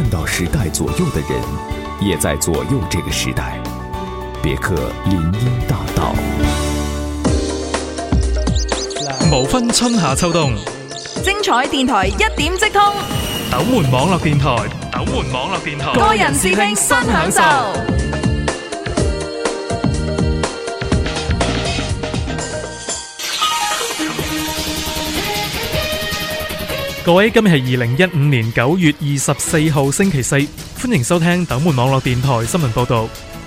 看到時代左右的人，也在左右這個時代。別克林蔭大道，無分春夏秋冬，精彩電台一點即通。斗門網絡電台，斗門網絡電台，個人視聽新享受。各位，今日係二零一五年九月二十四號星期四，歡迎收聽斗門網絡電台新聞報道。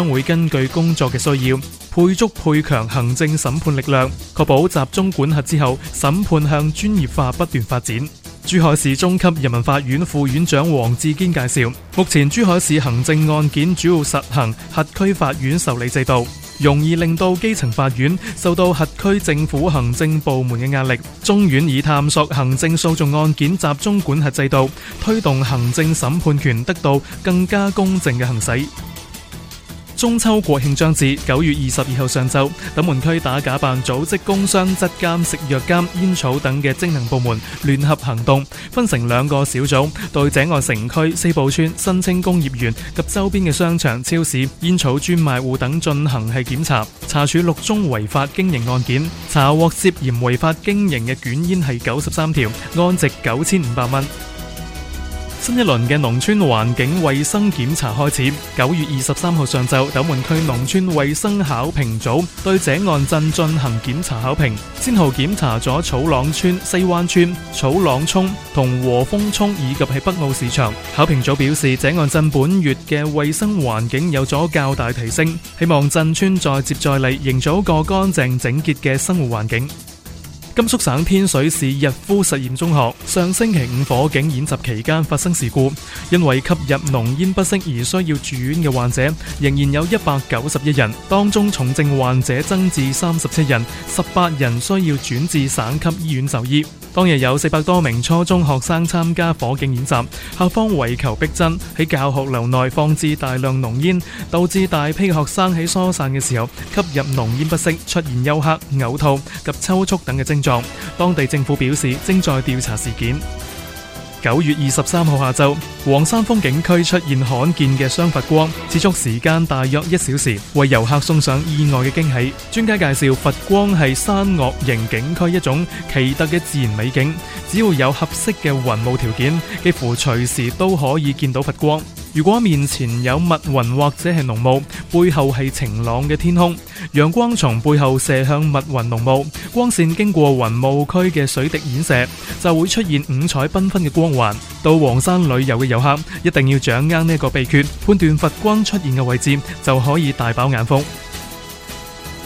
將會根據工作嘅需要，配足配強行政審判力量，確保集中管轄之後，審判向專業化不斷發展。珠海市中級人民法院副院長黃志堅介紹，目前珠海市行政案件主要實行轄區法院受理制度，容易令到基層法院受到轄區政府行政部門嘅壓力。中院以探索行政訴訟案件集中管轄制度，推動行政審判權得到更加公正嘅行使。中秋國慶將至，九月二十二號上晝，斗門區打假辦組織工商、質監、食藥監、煙草等嘅職能部門聯合行動，分成兩個小組，對井岸城區四保村、新青工業園及周邊嘅商場、超市、煙草專賣戶等進行係檢查，查處六宗違法經營案件，查獲涉嫌違法經營嘅捲煙係九十三條，案值九千五百蚊。新一輪嘅農村環境衛生檢查開始。九月二十三號上晝，斗門區農村衛生考評組對井岸鎮進行檢查考評，先後檢查咗草朗村、西灣村、草朗涌同和豐涌以及喺北澳市場。考評組表示，井岸鎮本月嘅衛生環境有咗較大提升，希望鎮村再接再厲，營造一個乾淨整潔嘅生活環境。甘肅省天水市逸夫實驗中學上星期五火警演習期間發生事故，因為吸入濃煙不適而需要住院嘅患者仍然有一百九十一人，當中重症患者增至三十七人，十八人需要轉至省級醫院就醫。當日有四百多名初中學生參加火警演習，校方為求逼真，喺教學樓內放置大量濃煙，導致大批學生喺疏散嘅時候吸入濃煙不適，出現休克、嘔吐及抽搐等嘅症狀。當地政府表示正在調查事件。九月二十三號下晝，黃山風景區出現罕見嘅雙佛光，持續時間大約一小時，為遊客送上意外嘅驚喜。專家介紹，佛光係山岳型景區一種奇特嘅自然美景，只要有合適嘅雲霧條件，幾乎隨時都可以見到佛光。如果面前有密雲或者係濃霧，背後係晴朗嘅天空，陽光從背後射向密雲濃霧，光綫經過雲霧區嘅水滴衍射，就會出現五彩繽紛嘅光環。到黃山旅遊嘅遊客一定要掌握呢個秘訣，判斷佛光出現嘅位置，就可以大飽眼福。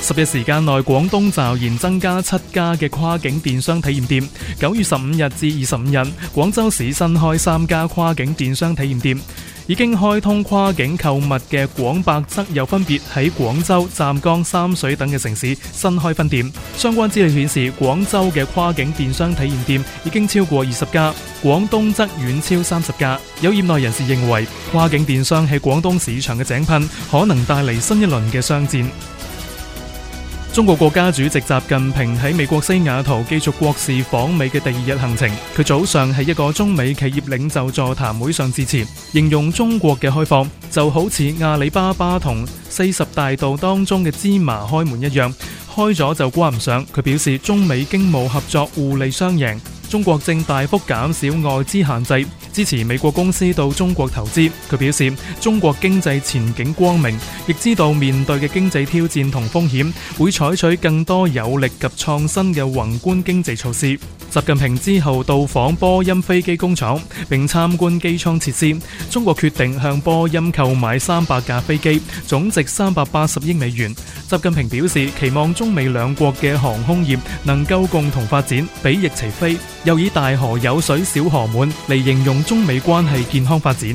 十日時間內，廣東驟然增加七家嘅跨境電商體驗店。九月十五日至二十五日，廣州市新開三家跨境電商體驗店。已經開通跨境購物嘅廣百則又分別喺廣州、湛江、三水等嘅城市新開分店。相關資料顯示，廣州嘅跨境電商體驗店已經超過二十家，廣東則遠超三十家。有業內人士認為，跨境電商喺廣東市場嘅井噴，可能帶嚟新一輪嘅商戰。中國國家主席習近平喺美國西雅圖繼續國事訪美嘅第二日行程，佢早上喺一個中美企業領袖座談會上致辭，形容中國嘅開放就好似阿里巴巴同四十大盜當中嘅芝麻開門一樣，開咗就關唔上。佢表示中美經貿合作互利雙贏，中國正大幅減少外資限制。支持美國公司到中國投資。佢表示，中國經濟前景光明，亦知道面對嘅經濟挑戰同風險，會採取更多有力及創新嘅宏觀經濟措施。習近平之後到訪波音飛機工廠，並參觀機艙設施。中國決定向波音購買三百架飛機，總值三百八十億美元。習近平表示期望中美兩國嘅航空業能夠共同發展，比翼齊飛。又以大河有水小河滿嚟形容中美關係健康發展。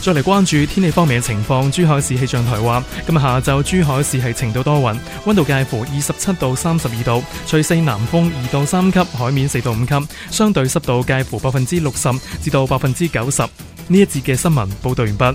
再嚟關注天氣方面嘅情況，珠海市氣象台話今日下晝珠海市係晴到多雲，溫度介乎二十七到三十二度，吹西南風二到三級，海面四到五級，相對濕度介乎百分之六十至到百分之九十。呢一節嘅新聞報道完畢。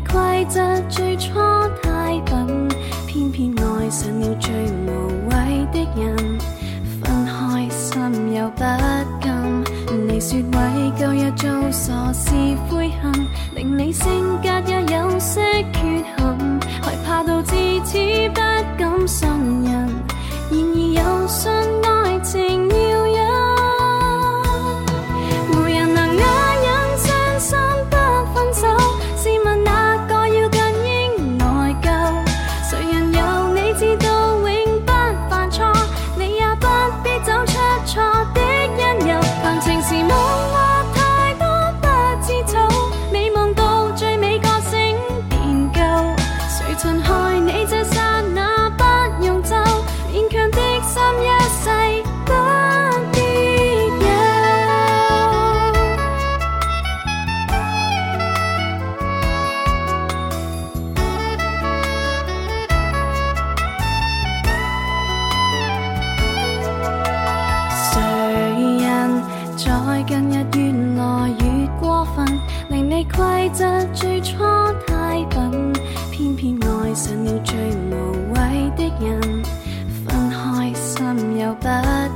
規則最初太笨，偏偏愛上了最無謂的人。分開心又不甘，你說為舊日做傻事悔恨，令你性格也有些缺陷。規則最初太笨，偏偏愛上了最無謂的人。分開心又不甘，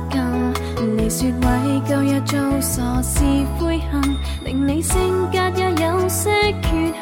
你說為舊日做傻事悔恨，令你性格也有些缺。